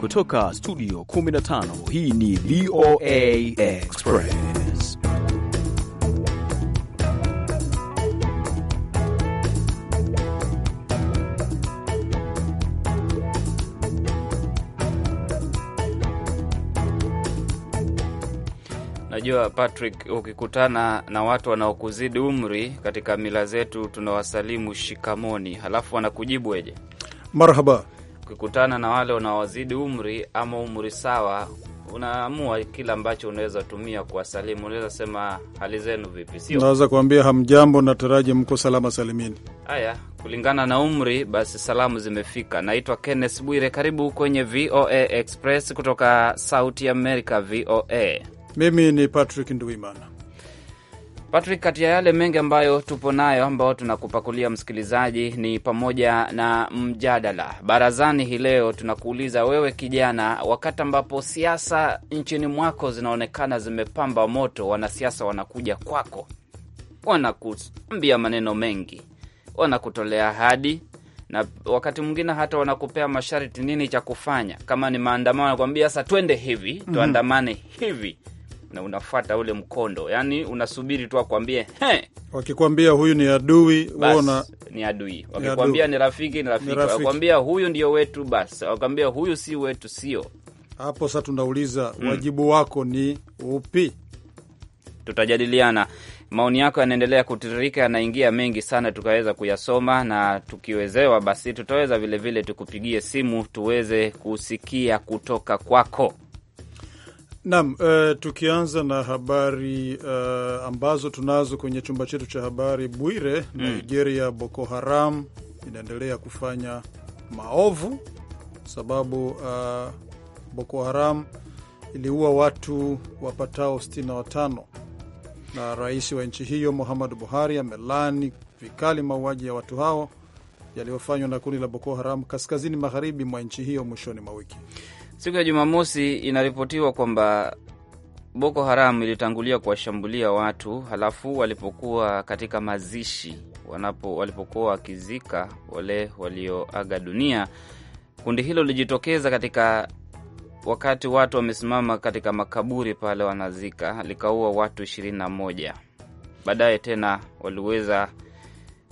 Kutoka studio 15 hii ni VOA Express. Najua Patrick, ukikutana na watu wanaokuzidi umri katika mila zetu tunawasalimu shikamoni, halafu wanakujibu eje? Marhaba ukikutana na wale unaowazidi umri ama umri sawa, unaamua kile ambacho unaweza tumia kuwasalimu. Unaweza sema hali zenu vipi, sio? Naweza kuambia hamjambo, nataraji mko salama salimini. Haya, kulingana na umri, basi salamu zimefika. Naitwa Kenneth Bwire, karibu kwenye VOA Express kutoka Sauti America, VOA. Mimi ni Patrick Ndwimana. Patrick, kati ya yale mengi ambayo tupo nayo ambayo tunakupakulia msikilizaji ni pamoja na mjadala barazani. Hii leo tunakuuliza wewe, kijana, wakati ambapo siasa nchini mwako zinaonekana zimepamba moto, wanasiasa wanakuja kwako, wanakuambia maneno mengi, wanakutolea ahadi na wakati mwingine hata wanakupea masharti, nini cha kufanya. Kama ni maandamano, wanakuambia sasa twende hivi, mhm. tuandamane hivi na unafuata ule mkondo, yani unasubiri tu akwambie. Wakikwambia huyu ni adui wona... ni adui. Wakikwambia ni rafiki ni rafiki. Wakwambia huyu ndio wetu, basi. Wakwambia huyu si wetu, sio hapo. Sasa tunauliza mm, wajibu wako ni upi? Tutajadiliana. Maoni yako yanaendelea kutiririka, yanaingia mengi sana, tukaweza kuyasoma na tukiwezewa, basi tutaweza vilevile tukupigie simu tuweze kusikia kutoka kwako. Naam, uh, tukianza na habari uh, ambazo tunazo kwenye chumba chetu cha habari Bwire. mm. Nigeria, Boko Haram inaendelea kufanya maovu sababu uh, Boko Haram iliua watu wapatao 65 na rais wa nchi hiyo Muhammadu Buhari amelani vikali mauaji ya watu hao yaliyofanywa na kundi la Boko Haram kaskazini magharibi mwa nchi hiyo mwishoni mwa wiki. Siku ya Jumamosi inaripotiwa kwamba Boko Haram ilitangulia kuwashambulia watu, halafu walipokuwa katika mazishi, wanapo walipokuwa wakizika wale walioaga dunia, kundi hilo lilijitokeza katika wakati watu wamesimama katika makaburi pale wanazika, likaua watu ishirini na moja. Baadaye tena waliweza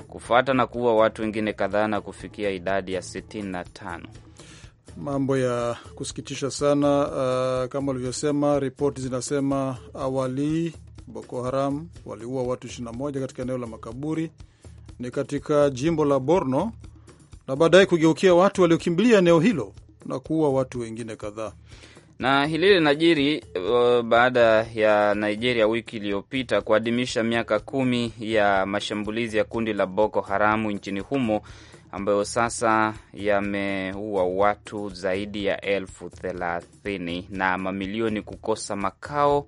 kufata na kuua watu wengine kadhaa na kufikia idadi ya sitini na tano. Mambo ya kusikitisha sana. Uh, kama ulivyosema, ripoti zinasema awali Boko Haram waliua watu 21 katika eneo la makaburi ni katika jimbo la Borno na baadaye kugeukia watu waliokimbilia eneo hilo na kuua watu wengine kadhaa. Na hili linajiri uh, baada ya Nigeria wiki iliyopita kuadhimisha miaka kumi ya mashambulizi ya kundi la Boko Haramu nchini humo ambayo sasa yameua watu zaidi ya elfu thelathini na mamilioni kukosa makao,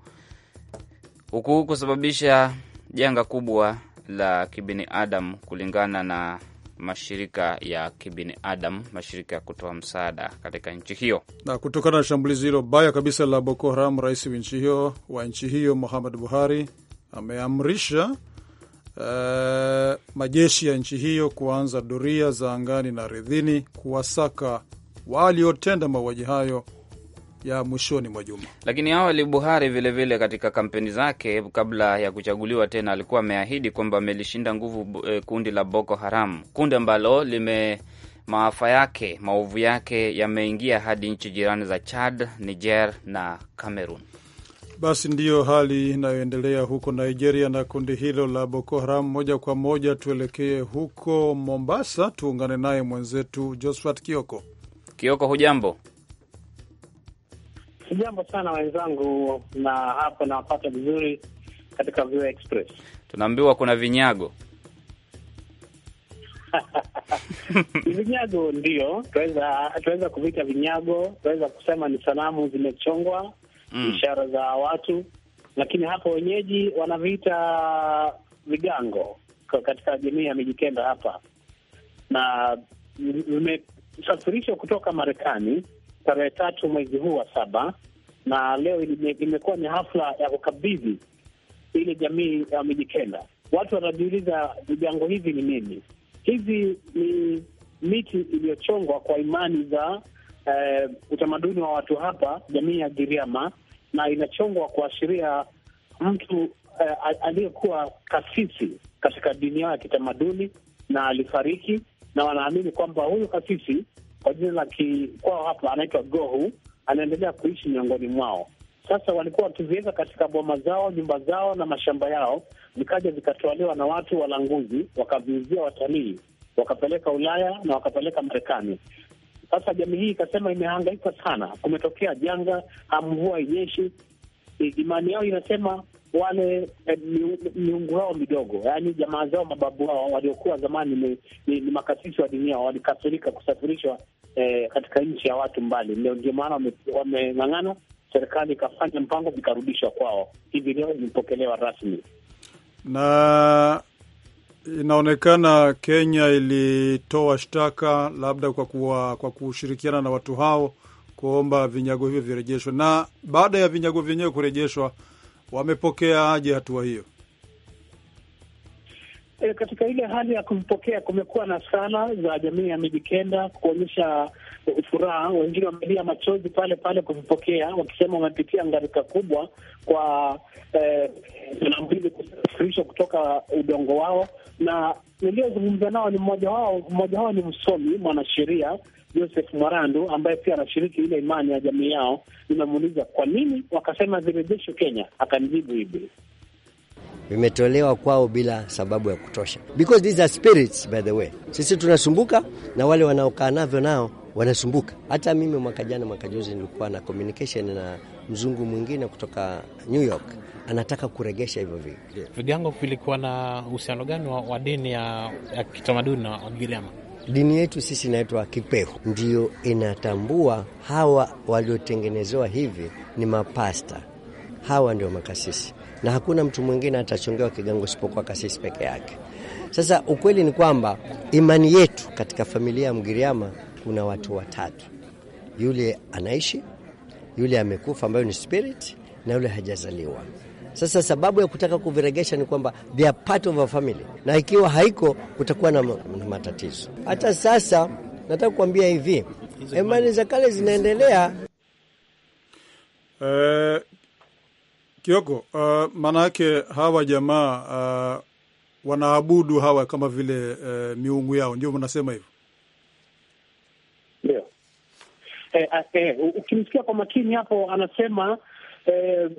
huku kusababisha janga kubwa la kibinadamu, kulingana na mashirika ya kibinadamu, mashirika ya kutoa msaada katika nchi hiyo. Na kutokana na shambulizi hilo baya kabisa la Boko Haram, rais wa nchi hiyo Muhammad Buhari ameamrisha Eh, majeshi ya nchi hiyo kuanza doria za angani na ardhini kuwasaka waliotenda mauaji hayo ya mwishoni mwa juma. Lakini awali Buhari vilevile vile katika kampeni zake kabla ya kuchaguliwa tena alikuwa ameahidi kwamba amelishinda nguvu eh, kundi la Boko Haram, kundi ambalo lime maafa yake maovu yake yameingia hadi nchi jirani za Chad, Niger na Cameroon. Basi ndiyo hali inayoendelea huko Nigeria na kundi hilo la Boko Haram. Moja kwa moja tuelekee huko Mombasa, tuungane naye mwenzetu Josphat Kioko. Kioko, hujambo? Hujambo sana wenzangu, na hapo nawapata vizuri katika VOA Express. Tunaambiwa kuna vinyago vinyago ndio, tunaweza kuvita vinyago, tunaweza kusema ni sanamu zimechongwa mm. ishara za watu, lakini hapa wenyeji wanaviita vigango katika jamii ya Mijikenda hapa, na vimesafirishwa kutoka Marekani tarehe tatu mwezi huu wa saba, na leo imekuwa ni hafla ya kukabidhi ile jamii ya Mijikenda. Watu wanajiuliza vigango hivi ni nini? Hizi ni miti iliyochongwa kwa imani za eh, utamaduni wa watu hapa, jamii ya Giriama, na inachongwa kuashiria mtu eh, aliyekuwa kasisi katika dini yao ya kitamaduni na alifariki, na wanaamini kwamba huyu kasisi kwa jina la kikwao hapa anaitwa Gohu, anaendelea kuishi miongoni mwao. Sasa walikuwa wakiviweka katika boma zao, nyumba zao na mashamba yao, vikaja vikatwaliwa na watu walanguzi, wakaviuzia watalii, wakapeleka Ulaya na wakapeleka Marekani. Sasa jamii hii ikasema imehangaika sana, kumetokea janga, hamvua inyeshi. Imani yao inasema wale eh, miungu wao midogo, yaani jamaa zao, mababu wao waliokuwa zamani ni, ni, ni makasisi wa dunia, walikasirika kusafirishwa eh, katika nchi ya watu mbali. Ndio maana wameng'ang'ana, serikali ikafanya mpango, vikarudishwa kwao. Hivi leo imepokelewa rasmi na inaonekana Kenya ilitoa shtaka labda kwa, kuwa, kwa kushirikiana na watu hao kuomba vinyago hivyo virejeshwe. Na baada ya vinyago vyenyewe kurejeshwa, wamepokea aje hatua hiyo? E, katika ile hali ya kuvipokea kumekuwa na sala za jamii ya Mijikenda kuonyesha furaha. Wengine wamelia machozi pale pale kuvipokea, wakisema wamepitia ngarika kubwa kwa eh, kusafirishwa kutoka udongo wao na niliyozungumza nao ni mmoja wao, mmoja wao ni msomi mwanasheria Joseph Mwarandu ambaye pia anashiriki ile imani ya jamii yao. Nimemuuliza kwa nini wakasema zirejeshwe Kenya, akanijibu hivi vimetolewa kwao bila sababu ya kutosha, because these are spirits by the way. Sisi tunasumbuka na wale wanaokaa navyo nao wanasumbuka. Hata mimi mwaka jana, mwaka juzi nilikuwa na communication na mzungu mwingine kutoka New York anataka kuregesha hivyo vitu. Vigango vilikuwa na uhusiano gani wa, dini ya, ya kitamaduni na Wagiriama? Dini yetu sisi inaitwa Kipehu, ndiyo inatambua hawa waliotengenezewa hivi ni mapasta, hawa ndio makasisi, na hakuna mtu mwingine atachongewa kigango isipokuwa kasisi peke yake. Sasa ukweli ni kwamba imani yetu katika familia ya Mgiriama kuna watu watatu, yule anaishi yule amekufa, ambayo ni spirit, na yule hajazaliwa. Sasa sababu ya kutaka kuviregesha ni kwamba they are part of a family, na ikiwa haiko kutakuwa na matatizo. Hata sasa nataka kuambia hivi, imani za kale zinaendelea. Uh, Kioko, uh, maana yake hawa jamaa uh, wanaabudu hawa kama vile uh, miungu yao, ndio mnasema hivyo? eh, eh, ukimsikia kwa makini hapo anasema eh,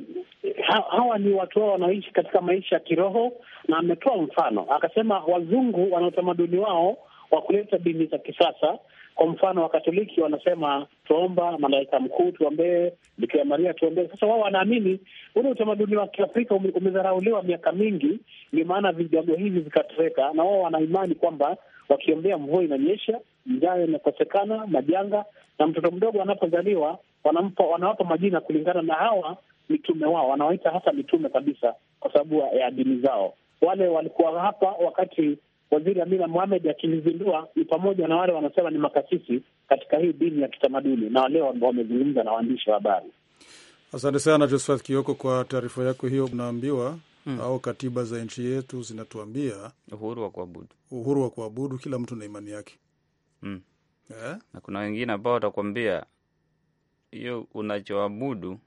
hawa ni watu wao wanaoishi katika maisha ya kiroho, na ametoa mfano akasema wazungu wana utamaduni wao wa kuleta dini za kisasa. Kwa mfano Wakatoliki wanasema tuomba malaika mkuu, tuombee Bikira Maria, tuombee. Sasa wao wanaamini ule utamaduni wa Kiafrika umedharauliwa miaka mingi, ndio maana vijago hivi vikatoweka, na wao wanaimani kwamba wakiombea mvua inanyesha, njaa inakosekana, majanga na mtoto mdogo anapozaliwa wanampa, wanawapa majina kulingana na hawa mitume wao, wanawaita hasa mitume kabisa kwa sababu ya dini zao. Wale walikuwa hapa wakati Waziri Amina Mohamed akilizindua ni pamoja na wale wanasema ni makasisi katika hii dini ya kitamaduni, na waleo ambao wamezungumza na waandishi wa habari. Asante sana Josephat Kioko kwa taarifa yako hiyo. Unaambiwa hmm, au katiba za nchi yetu zinatuambia uhuru wa kuabudu, uhuru wa kuabudu, kila mtu na imani yake hmm yeah. Na kuna wengine ambao watakwambia hiyo unachoabudu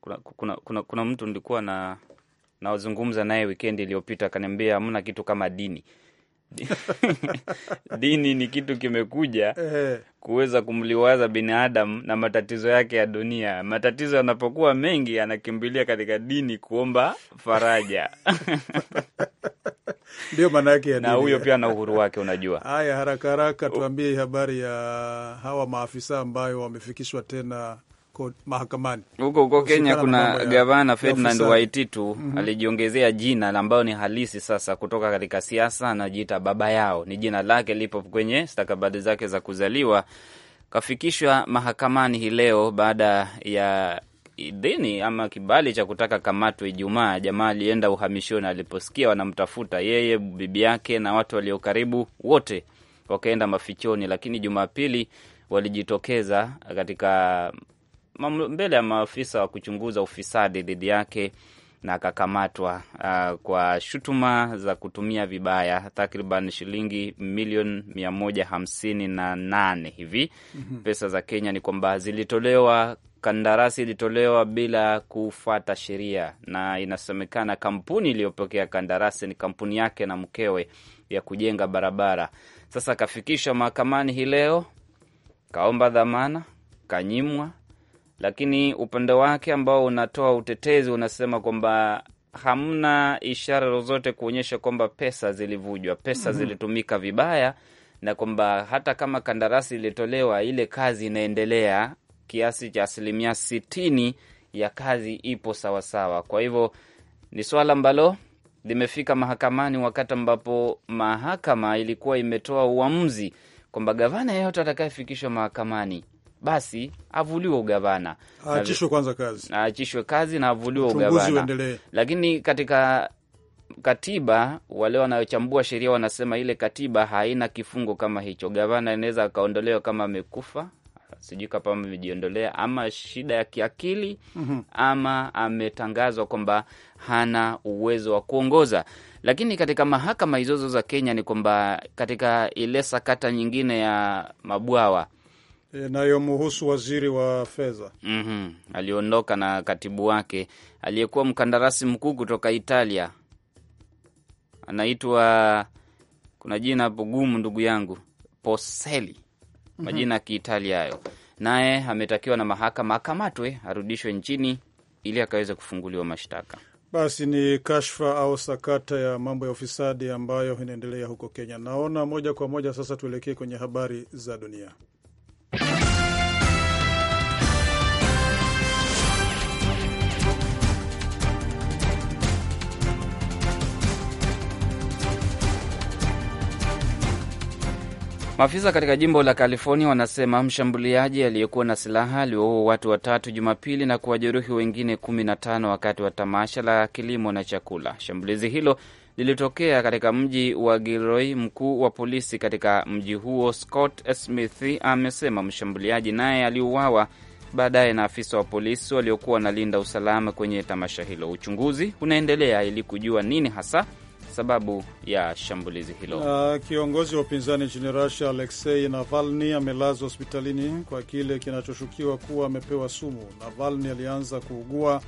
kuna, kuna, kuna, kuna mtu nilikuwa na nawazungumza naye wikendi iliyopita akaniambia hamna kitu kama dini. dini ni kitu kimekuja kuweza kumliwaza binadamu na matatizo yake ya dunia. Matatizo yanapokuwa mengi, anakimbilia katika dini kuomba faraja. Ndio maana yake ya dini. Na huyo pia ana uhuru wake, unajua. Haya, haraka haraka tuambie habari ya hawa maafisa ambayo wamefikishwa tena mahakamani. Huko huko Kenya kuna gavana Ferdinand Waititu mm -hmm. alijiongezea jina ambayo ni halisi sasa, kutoka katika siasa anajiita baba yao, ni jina lake lipo kwenye stakabadhi zake za kuzaliwa. Kafikishwa mahakamani hii leo baada ya idhini ama kibali cha kutaka kamatwa Ijumaa. Jamaa alienda uhamishoni aliposikia wanamtafuta yeye, bibi yake na watu waliokaribu wote wakaenda mafichoni, lakini Jumapili walijitokeza katika mbele ya maafisa wa kuchunguza ufisadi dhidi yake na akakamatwa uh, kwa shutuma za kutumia vibaya takriban shilingi milioni mia moja hamsini na nane hivi mm -hmm. Pesa za Kenya ni kwamba zilitolewa, kandarasi ilitolewa bila kufuata sheria, na inasemekana kampuni iliyopokea kandarasi ni kampuni yake na mkewe ya kujenga barabara. Sasa akafikishwa mahakamani hii leo, kaomba dhamana, kanyimwa lakini upande wake ambao unatoa utetezi unasema kwamba hamna ishara zozote kuonyesha kwamba pesa zilivujwa, pesa mm -hmm. zilitumika vibaya, na kwamba hata kama kandarasi ilitolewa, ile kazi inaendelea, kiasi cha asilimia sitini ya kazi ipo sawasawa. Kwa hivyo ni swala ambalo limefika mahakamani, wakati ambapo mahakama ilikuwa imetoa uamuzi kwamba gavana yeyote atakayefikishwa mahakamani basi avuliwe ugavana, aachishwe kwanza kazi, aachishwe kazi na avuliwe ugavana, lakini katika katiba wale wanaochambua sheria wanasema ile katiba haina kifungo kama hicho. Gavana anaweza akaondolewa kama amekufa, sijui kapa amejiondolea ama shida ya kiakili mm -hmm. ama ametangazwa kwamba hana uwezo wa kuongoza. Lakini katika mahakama hizozo za Kenya ni kwamba katika ile sakata nyingine ya mabwawa inayomuhusu waziri wa fedha mm -hmm. Aliondoka na katibu wake aliyekuwa mkandarasi mkuu kutoka Italia, anaitwa kuna jina hapo gumu, ndugu yangu, Poseli, mhm. majina ya Kiitalia hayo. Naye ametakiwa na mahakama akamatwe, arudishwe nchini ili akaweze kufunguliwa mashtaka. Basi ni kashfa au sakata ya mambo ya ufisadi ambayo inaendelea huko Kenya. Naona moja kwa moja sasa tuelekee kwenye habari za dunia. Maafisa katika jimbo la California wanasema mshambuliaji aliyekuwa na silaha aliwaua watu watatu Jumapili na kuwajeruhi wengine 15 wakati wa tamasha la kilimo na chakula. Shambulizi hilo lilitokea katika mji wa Gilroy. Mkuu wa polisi katika mji huo Scott Smith amesema mshambuliaji naye aliuawa baadaye na afisa wa polisi waliokuwa wanalinda usalama kwenye tamasha hilo. Uchunguzi unaendelea ili kujua nini hasa sababu ya shambulizi hilo. Na kiongozi wa upinzani nchini Russia Aleksei navalni amelazwa hospitalini kwa kile kinachoshukiwa kuwa amepewa sumu. Navalni alianza kuugua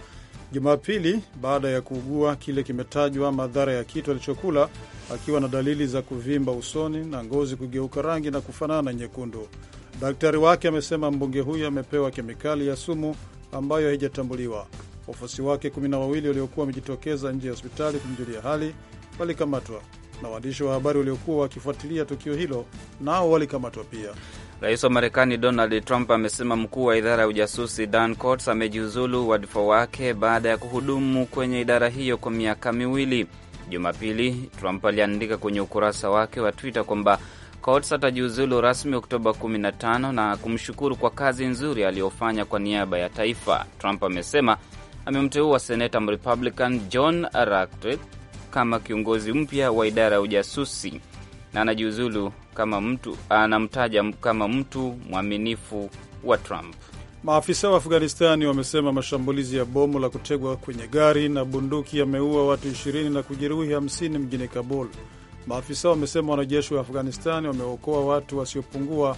Jumapili baada ya kuugua kile kimetajwa madhara ya kitu alichokula akiwa na dalili za kuvimba usoni na ngozi kugeuka rangi na kufanana na nyekundu. Daktari wake amesema mbunge huyo amepewa kemikali ya sumu ambayo haijatambuliwa. Wafuasi wake kumi na wawili waliokuwa wamejitokeza nje ya hospitali kumjulia hali walikamatwa na waandishi wa habari waliokuwa wakifuatilia tukio hilo nao walikamatwa pia. Rais wa Marekani Donald Trump amesema mkuu wa idara ya ujasusi Dan Coats amejiuzulu wadhifa wake baada ya kuhudumu kwenye idara hiyo kwa miaka miwili. Jumapili, Trump aliandika kwenye ukurasa wake wa Twitter kwamba Coats atajiuzulu rasmi Oktoba 15 na kumshukuru kwa kazi nzuri aliyofanya kwa niaba ya taifa. Trump amesema amemteua seneta Mrepublican John Ratcliffe kama kiongozi mpya wa idara ya ujasusi na anajiuzulu kama mtu, anamtaja kama mtu mwaminifu wa Trump. Maafisa wa Afghanistani wamesema mashambulizi ya bomu la kutegwa kwenye gari na bunduki yameua watu 20 na kujeruhi 50 mjini Kabul. Maafisa wamesema wanajeshi wa Afghanistani wameokoa watu wasiopungua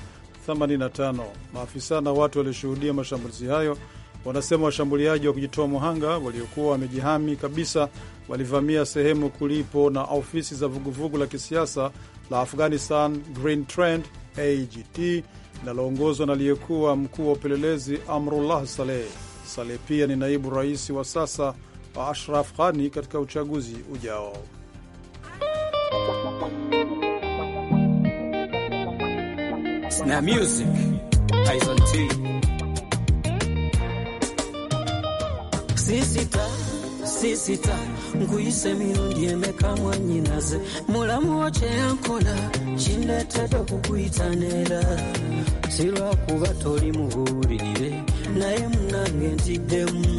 85. Maafisa na watu walioshuhudia mashambulizi hayo Wanasema washambuliaji wa kujitoa muhanga waliokuwa wamejihami kabisa walivamia sehemu kulipo na ofisi za vuguvugu la kisiasa la Afghanistan Green Trend AGT linaloongozwa na aliyekuwa mkuu wa upelelezi Amrullah Saleh. Saleh pia ni naibu rais wa sasa wa Ashraf Ghani katika uchaguzi ujao. Na music, sisita sisita nkuyise mirundi emeka mwanyinaze mulamu wo kyeyankola kindetedde okukuyita neera silwakuba toli mubuulirire naye munange ntiddemu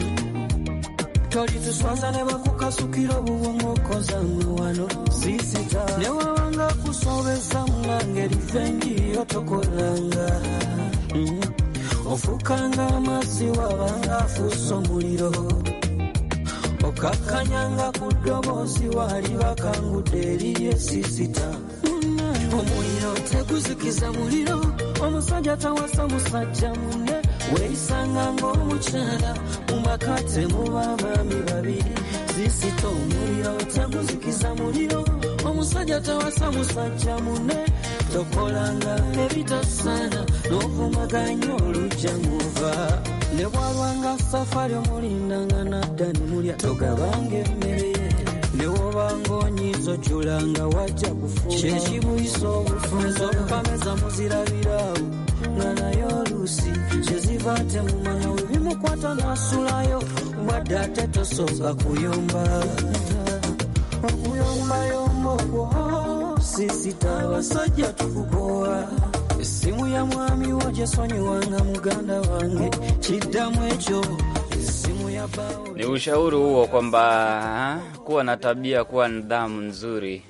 toli tuswaza ne bakukasukira obubongookoza mwe wano sisita ne wawanga kusobeza munange rivenjiyo tokolanga mm -hmm. ofuka ng'amaziwa bangaafuusa omuliro okakkanya nga ku ddoboozi waali bakangudde eriryo esisita omuliro teguzikiza muliro omusajja tawasa musajja munne weeyisanga ng'omukyala mu maka temuba abaami babiri sisita omuliro teguzikiza muliro omusajja tawasa musajja munne tokolanga ebitasaana n'okumaganya olujja muva ne bwalwanga safari omulindanga nadda nemulya togabanga emmere newobanga onyiza ojulanga wajja kufukyekibuyisa obufu ezokukameza muzirabirawo nga naye oluusi kyeziva temumanya webimukwata nasulayo bwadde ate tosoka kuyomba sisi soja tukuboa esimu ya mwami wajesonyi wanga muganda wange kiddamu ekyo ni ushauri huo kwamba kuwa na tabia, kuwa nidhamu nzuri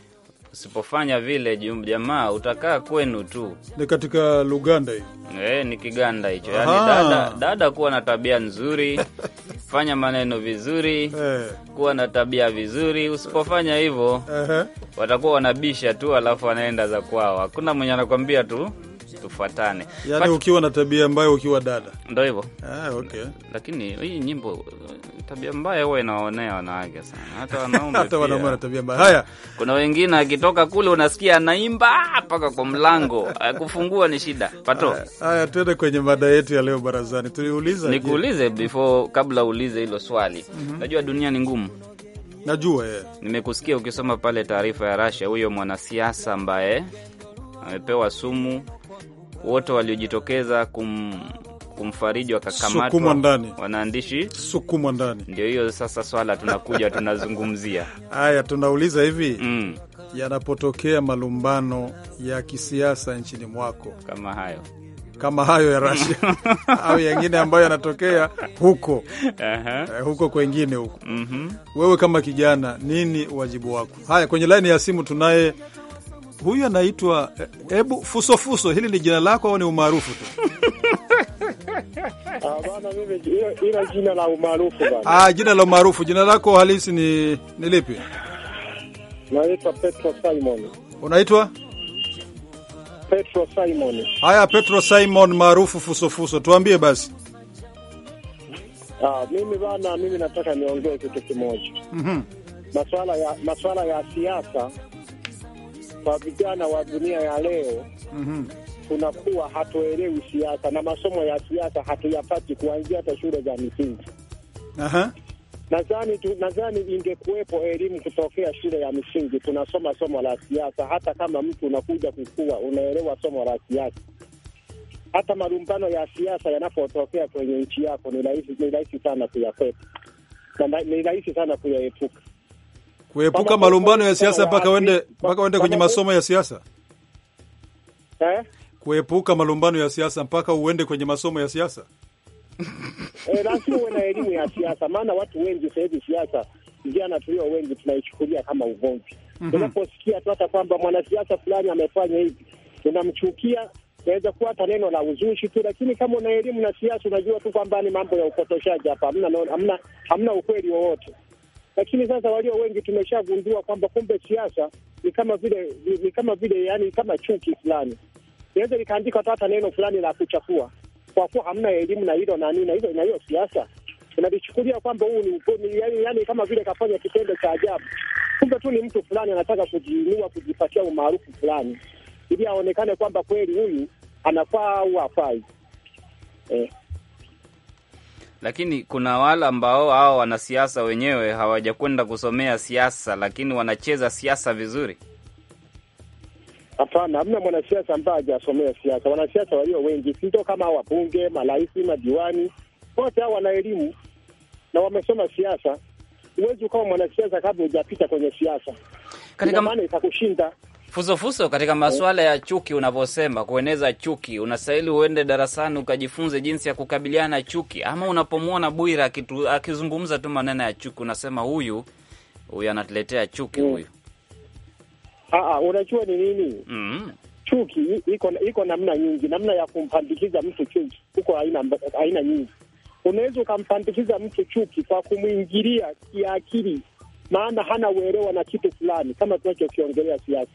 Usipofanya vile jamaa utakaa kwenu tu. Ni katika Luganda hi e, eh, ni Kiganda hicho. Yani dada, dada kuwa na tabia nzuri fanya maneno vizuri hey. Eh. Kuwa na tabia vizuri. Usipofanya hivyo uh -huh. Watakuwa wanabisha tu, alafu wanaenda za kwao, hakuna mwenye anakwambia tu tufuatane. Yani But... ukiwa na tabia mbaya ukiwa dada, ndo hivyo ah, okay. Lakini hii nyimbo tabia mbaya huwa inaonea wanawake sana, hata wanaume hata wanaume wana tabia mbaya. Haya, kuna wengine akitoka kule unasikia anaimba mpaka kwa mlango kufungua ni shida pato. Haya, haya tuende kwenye mada yetu ya leo barazani. Tuliuliza, nikuulize before kabla uulize hilo swali mm -hmm. Najua dunia ni ngumu najua yeah. Nimekusikia ukisoma pale taarifa ya Russia, huyo mwanasiasa ambaye amepewa sumu wote waliojitokeza kum kumfariji wakakamatwa wanaandishi sukumwa ndani. Ndio hiyo sasa, swala tunakuja tunazungumzia haya, tunauliza hivi mm, yanapotokea malumbano ya kisiasa nchini mwako kama hayo kama hayo ya Rasia au yengine ambayo yanatokea huko uh eh, -huh. huko kwengine huko mm -hmm. Wewe kama kijana, nini wajibu wako? Haya, kwenye laini ya simu tunaye huyu anaitwa, hebu eh, fusofuso, hili ni jina lako au ni umaarufu tu? Ah, ah, jina la umaarufu. Jina lako halisi ni ni lipi? Naitwa Petro Simon. Unaitwa Petro Simon. Haya, Petro Simon maarufu fusofuso, tuambie basi. Ah, mimi bana, mimi nataka niongee kitu kimoja. Mhm. Mm, masuala ya masuala ya siasa kwa vijana wa dunia ya leo mm -hmm. Tunakuwa hatuelewi siasa na masomo ya siasa hatuyapati kuanzia hata shule za misingi. Aha. Nadhani tu, nadhani ingekuwepo elimu kutokea shule ya misingi tunasoma somo la siasa. Hata kama mtu unakuja kukua, unaelewa somo la siasa. Hata malumbano ya siasa yanapotokea kwenye nchi yako, ni rahisi ni rahisi sana kuyakwepa, ni rahisi sana kuyaepuka kuepuka malumbano ya siasa mpaka wende mpaka wende kwenye masomo ya siasa eh? kuepuka malumbano ya siasa mpaka uende kwenye masomo ya siasa eh, lazima uwe na elimu ya siasa, maana watu wengi sasa hivi siasa, vijana tulio wengi tunaichukulia kama ugomvi. Mhm. Unaposikia mm -hmm. tu hata kwamba mwanasiasa fulani amefanya hivi, tunamchukia naweza kuwa hata neno la uzushi tu, lakini kama una elimu na siasa, unajua tu kwamba ni mambo ya upotoshaji hapa, hamna hamna, hamna ukweli wowote lakini sasa walio wengi tumeshagundua kwamba kumbe siasa ni kama vile ni kama vile yani kama chuki fulani, inaweza likaandika hata neno fulani la kuchafua, kwa kuwa hamna elimu na hilo na nini na hiyo siasa unalichukulia kwamba huu ni yani, yani kama vile kafanya kitendo cha ajabu, kumbe tu ni mtu fulani anataka kujiinua, kujipatia umaarufu fulani ili aonekane kwamba kweli huyu anafaa au hafai. Eh, lakini kuna wale ambao hao wanasiasa wenyewe hawajakwenda kusomea siasa, lakini wanacheza siasa vizuri. Hapana, hamna mwanasiasa ambaye hajasomea siasa. Wanasiasa walio wengi sindio, kama hao wabunge, marais, madiwani, wote hao wana elimu na wamesoma siasa. Huwezi ukawa mwanasiasa kabla hujapita kwenye siasa, katika maana itakushinda. Fusofuso katika masuala ya chuki, unavyosema kueneza chuki, unastahili uende darasani ukajifunze jinsi ya kukabiliana chuki, ama unapomwona Bwira akizungumza tu maneno ya chuki unasema huyu huyu anatuletea chuki mm. huyu. Aa, ah, ah, unajua ni nini? mm -hmm. Chuki iko iko namna nyingi, namna ya kumpandikiza mtu chuki huko aina aina nyingi. Unaweza ukampandikiza mtu chuki kwa kumwingilia kiakili, maana hana uelewa na kitu fulani, kama tunachokiongelea siasa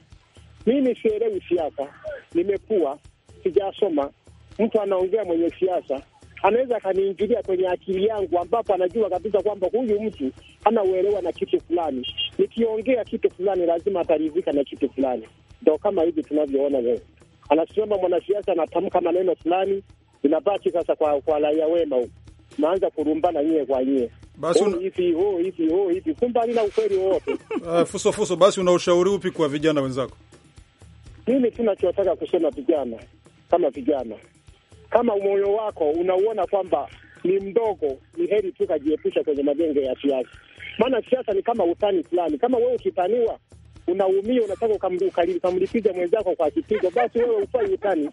mimi sielewi siasa, nimekuwa sijasoma. Mtu anaongea mwenye siasa anaweza akaniingilia kwenye akili yangu, ambapo anajua kabisa kwamba huyu mtu ana uelewa na kitu fulani. Nikiongea kitu fulani, lazima ataridhika na kitu fulani. Ndo kama hivi tunavyoona leo, anasimama mwanasiasa anatamka maneno fulani, inabaki sasa kwa kwa raia wema huu, naanza kurumbana nyie kwa nyie basi un... hivi hivi hivi kumbe halina ukweli wowote. Uh, fuso fuso. Basi una ushauri upi kwa vijana wenzako? Mimi tunachotaka kusema vijana, kama vijana, kama moyo wako unauona kwamba ni mdogo, ni heri kajiepusha kwenye majenge ya siasa, maana siasa ni kama utani fulani. Kama wewe ukitaniwa unaumia unataka ukamlipiza mwenzako kwa kipigo, basi wewe ufai utani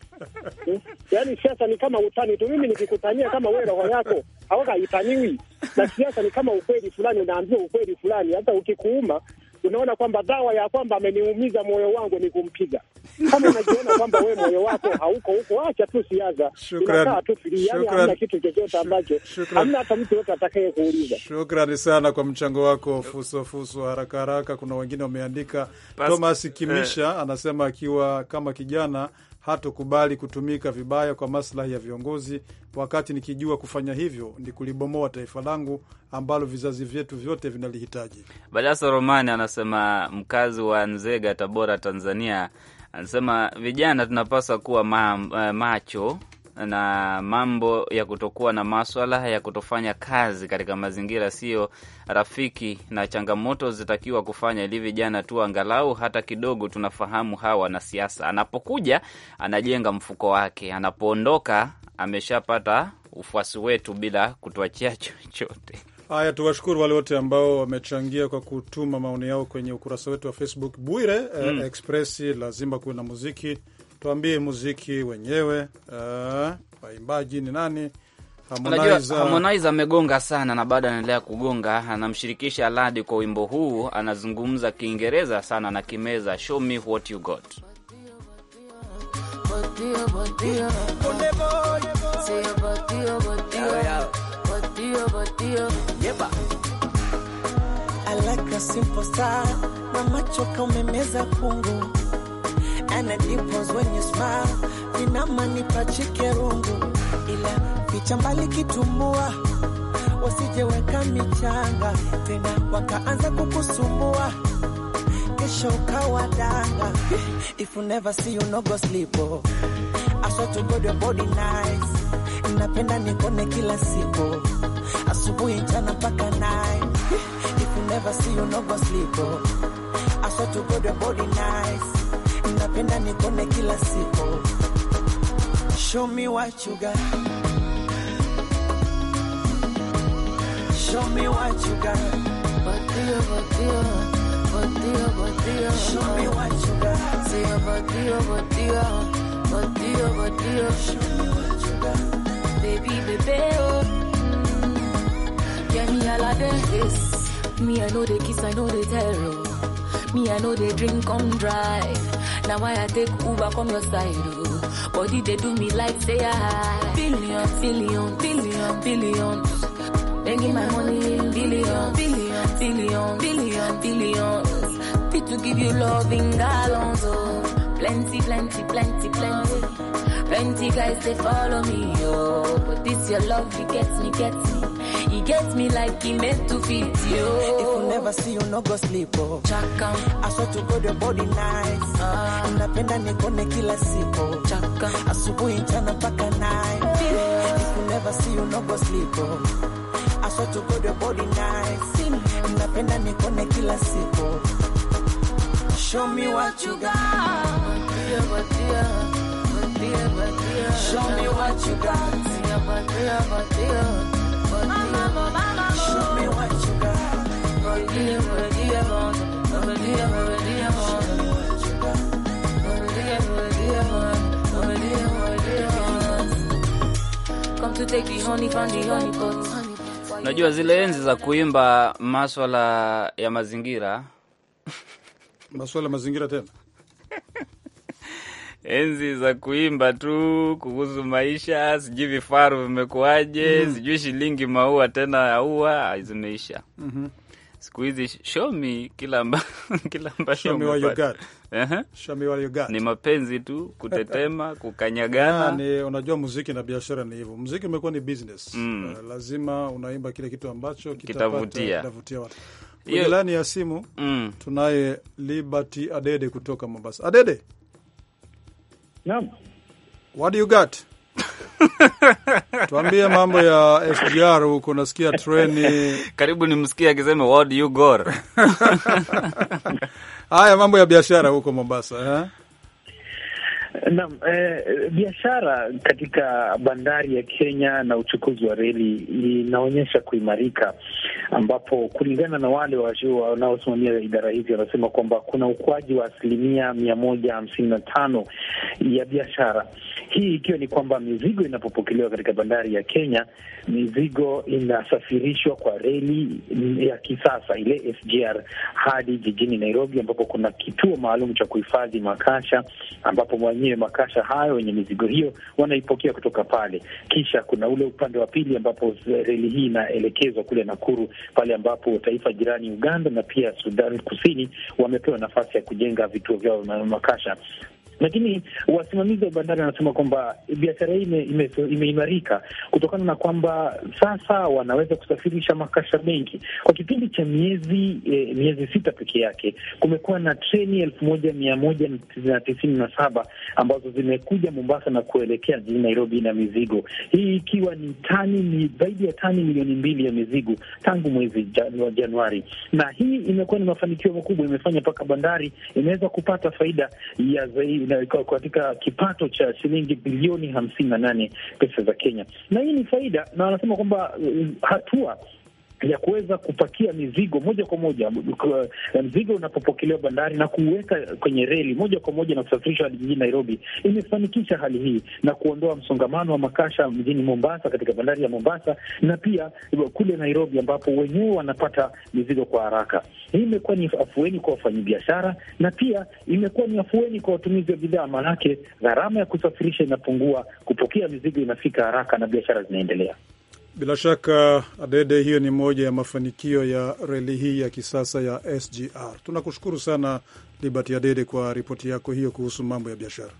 hmm? Yaani siasa ni kama utani tu. Mimi nikikutania kama wewe roho yako hawaka itaniwi na siasa, ni kama ukweli fulani, unaambia ukweli fulani, hata ukikuuma unaona kwamba dawa ya kwamba ameniumiza moyo wangu ni kumpiga. Kama unajiona kwamba wewe moyo wako hauko huko, acha tu siasa, inakaa tu fili, yaani hamna kitu chochote ambacho, hamna hata mtu yote atakaye kuuliza. Shukrani sana kwa mchango wako Fuso Fuso. Haraka haraka, kuna wengine wameandika. Thomas Kimisha eh. anasema akiwa kama kijana hatokubali kutumika vibaya kwa maslahi ya viongozi, wakati nikijua kufanya hivyo ni kulibomoa taifa langu ambalo vizazi vyetu vyote vinalihitaji. Balasa Romani anasema, mkazi wa Nzega, Tabora, Tanzania, anasema vijana tunapaswa kuwa ma, eh, macho na mambo ya kutokuwa na maswala ya kutofanya kazi katika mazingira siyo rafiki na changamoto zitakiwa kufanya ili vijana tu angalau hata kidogo tunafahamu hawa wanasiasa. Anapokuja anajenga mfuko wake, anapoondoka ameshapata ufuasi wetu bila kutuachia chochote. Haya, tuwashukuru wale wote ambao wamechangia kwa kutuma maoni yao kwenye ukurasa wetu wa Facebook. Bwire eh, mm. eh, Expressi lazima kuwe na muziki tuambie muziki wenyewe, eh, waimbaji ni nani? Harmonize amegonga sana na bado anaendelea kugonga. Anamshirikisha Aladi kwa wimbo huu, anazungumza Kiingereza sana na kimeza, show me what you got na macho kaumemeza and it dimples when you smile. Ninamanipachikie rungu ila picha mbali kitumbua, wasijeweka michanga tena wakaanza kukusumbua, kesho ukawadanga. If you never see you no go sleep oh. I swear to God your body nice. Napenda nikone kila siku asubuhi jana mpaka night. If you never see you no go sleep oh. I swear to God your body nice napenda nikone kila siku. Show me what you got. Show me what you got. Batia, batia, batia, batia. Show me what you got. Say batia, batia, batia, batia. Show me what you got. Baby, baby, oh. Mm. Yeah, me I love this. Me I know the kiss, I know the tell. Me I know the drink come dry. Now why I take Uber from your side, oh. Body they do me like say I ah, billion, billion, billion, billion. Begging my money, billion, billion, billion, billion, billion. Fit to give you love in gallons, oh. Plenty, plenty, plenty, plenty. Plenty guys they follow me, oh. But this your love, it gets me, gets me. He gets me like he meant to fit you. If you never see you no go sleep oh. Chaka. I swear to God your body nice. Ah. Napenda nikone kila siku. Chaka. Asubuhi mchana mpaka night. Yeah. If you never see you no go sleep oh. I swear to God your body nice. Napenda nikone kila siku. Show me what you got. Show me what you got. Unajua zile enzi za kuimba maswala ya mazingira, maswala ya mazingira tena enzi za kuimba tu kuhusu maisha, sijui vifaru vimekuwaje, mm -hmm. sijui shilingi maua tena aua zimeisha. mm -hmm. Siku hizi shomi kila mba, kila mba Ni mapenzi tu kutetema kukanyagana. Ni unajua muziki na biashara ni hivyo. Muziki umekuwa ni business. Mm. Uh, lazima unaimba kile kitu ambacho kitavutia kitavutia watu. Kwenye laini ya simu mm. tunaye Liberty Adede kutoka Mombasa. Adede. Naam. What do you got? Tuambie mambo ya SGR huko, nasikia treni karibu nimsikie akisema what do you got? Haya, mambo ya biashara huko Mombasa eh? Naam, eh, biashara katika bandari ya Kenya na uchukuzi wa reli inaonyesha kuimarika, ambapo kulingana na wale wanaosimamia idara hizi wanasema kwamba kuna ukuaji wa asilimia mia moja hamsini na tano ya biashara hii ikiwa ni kwamba mizigo inapopokelewa katika bandari ya Kenya, mizigo inasafirishwa kwa reli ya kisasa ile SGR hadi jijini Nairobi, ambapo kuna kituo maalum cha kuhifadhi makasha, ambapo mwenyewe makasha hayo wenye mizigo hiyo wanaipokea kutoka pale. Kisha kuna ule upande wa pili ambapo reli hii inaelekezwa kule Nakuru, pale ambapo taifa jirani Uganda na pia Sudan Kusini wamepewa nafasi ya kujenga vituo vyao vya makasha lakini wasimamizi wa bandari wanasema kwamba biashara hii imeimarika ime, kutokana na kwamba sasa wanaweza kusafirisha makasha mengi. Kwa kipindi cha miezi e, miezi sita peke yake kumekuwa na treni elfu moja mia moja na tisini na saba ambazo zimekuja Mombasa na kuelekea jijini Nairobi na mizigo hii ikiwa ni tani ni zaidi ya tani milioni mbili ya mizigo tangu mwezi wa Januari, na hii imekuwa ni mafanikio makubwa, imefanya mpaka bandari imeweza kupata faida ya zaidi katika kipato cha shilingi bilioni hamsini na nane pesa za Kenya, na hii ni faida, na wanasema kwamba uh, hatua ya kuweza kupakia mizigo moja kwa moja. Eh, mzigo unapopokelewa bandari na kuweka kwenye reli moja kwa moja na kusafirishwa hadi jijini Nairobi imefanikisha hali hii na kuondoa msongamano wa makasha mjini Mombasa, katika bandari ya Mombasa na pia kule Nairobi, ambapo wenyewe wanapata mizigo kwa haraka. Hii imekuwa ni afueni kwa wafanyabiashara na pia imekuwa ni afueni kwa watumizi wa bidhaa, maanake gharama ya kusafirisha inapungua, kupokea mizigo inafika haraka na biashara zinaendelea. Bila shaka Adede, hiyo ni moja ya mafanikio ya reli hii ya kisasa ya SGR. Tunakushukuru sana Liberty Adede kwa ripoti yako hiyo kuhusu mambo ya biashara.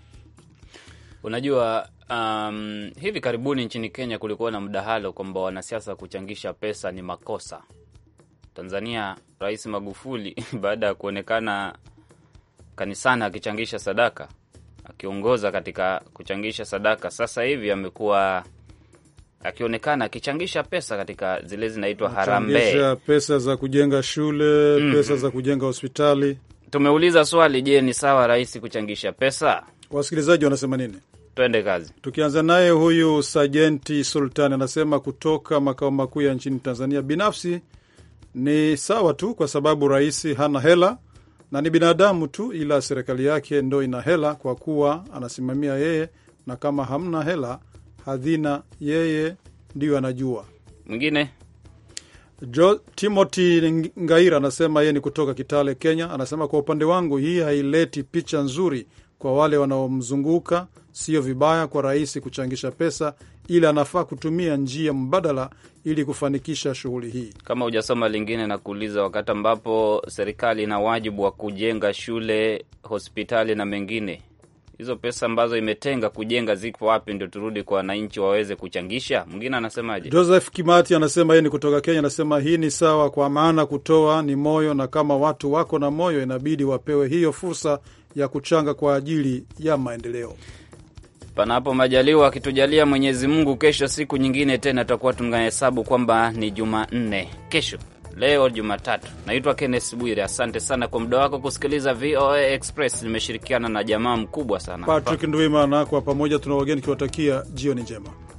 Unajua, um, hivi karibuni nchini Kenya kulikuwa na mdahalo kwamba wanasiasa kuchangisha pesa ni makosa. Tanzania, Rais Magufuli baada ya kuonekana kanisani akichangisha sadaka, akiongoza katika kuchangisha sadaka, sasa hivi amekuwa akionekana akichangisha pesa katika zile zinaitwa harambee, pesa za kujenga shule mm -hmm. pesa za kujenga hospitali. Tumeuliza swali, je, ni sawa rais kuchangisha pesa? Wasikilizaji wanasema nini? kazi, tukianza naye huyu Sajenti Sultani anasema kutoka makao makuu ya nchini Tanzania, binafsi ni sawa tu, kwa sababu rais hana hela na ni binadamu tu, ila serikali yake ndo ina hela kwa kuwa anasimamia yeye, na kama hamna hela hadhina, yeye ndiyo anajua. Mwingine Timothy Ngaira anasema yeye ni kutoka Kitale, Kenya. Anasema kwa upande wangu, hii haileti picha nzuri kwa wale wanaomzunguka. Sio vibaya kwa rais kuchangisha pesa, ili anafaa kutumia njia mbadala ili kufanikisha shughuli hii. Kama hujasoma lingine na kuuliza, wakati ambapo serikali ina wajibu wa kujenga shule, hospitali na mengine hizo pesa ambazo imetenga kujenga ziko wapi, ndio turudi kwa wananchi waweze kuchangisha. Mwingine anasemaje? Joseph Kimati anasema hii ni kutoka Kenya, anasema hii ni sawa, kwa maana kutoa ni moyo, na kama watu wako na moyo inabidi wapewe hiyo fursa ya kuchanga kwa ajili ya maendeleo. Panapo majaliwa, akitujalia Mwenyezi Mungu, kesho siku nyingine tena tutakuwa tunahesabu kwamba ni Jumanne kesho leo Jumatatu. Naitwa Kenneth Bwire, asante sana kwa muda wako kusikiliza VOA Express. Nimeshirikiana na jamaa mkubwa sana Patrick Ndwimana, kwa pamoja tuna wageni kiwatakia jioni njema.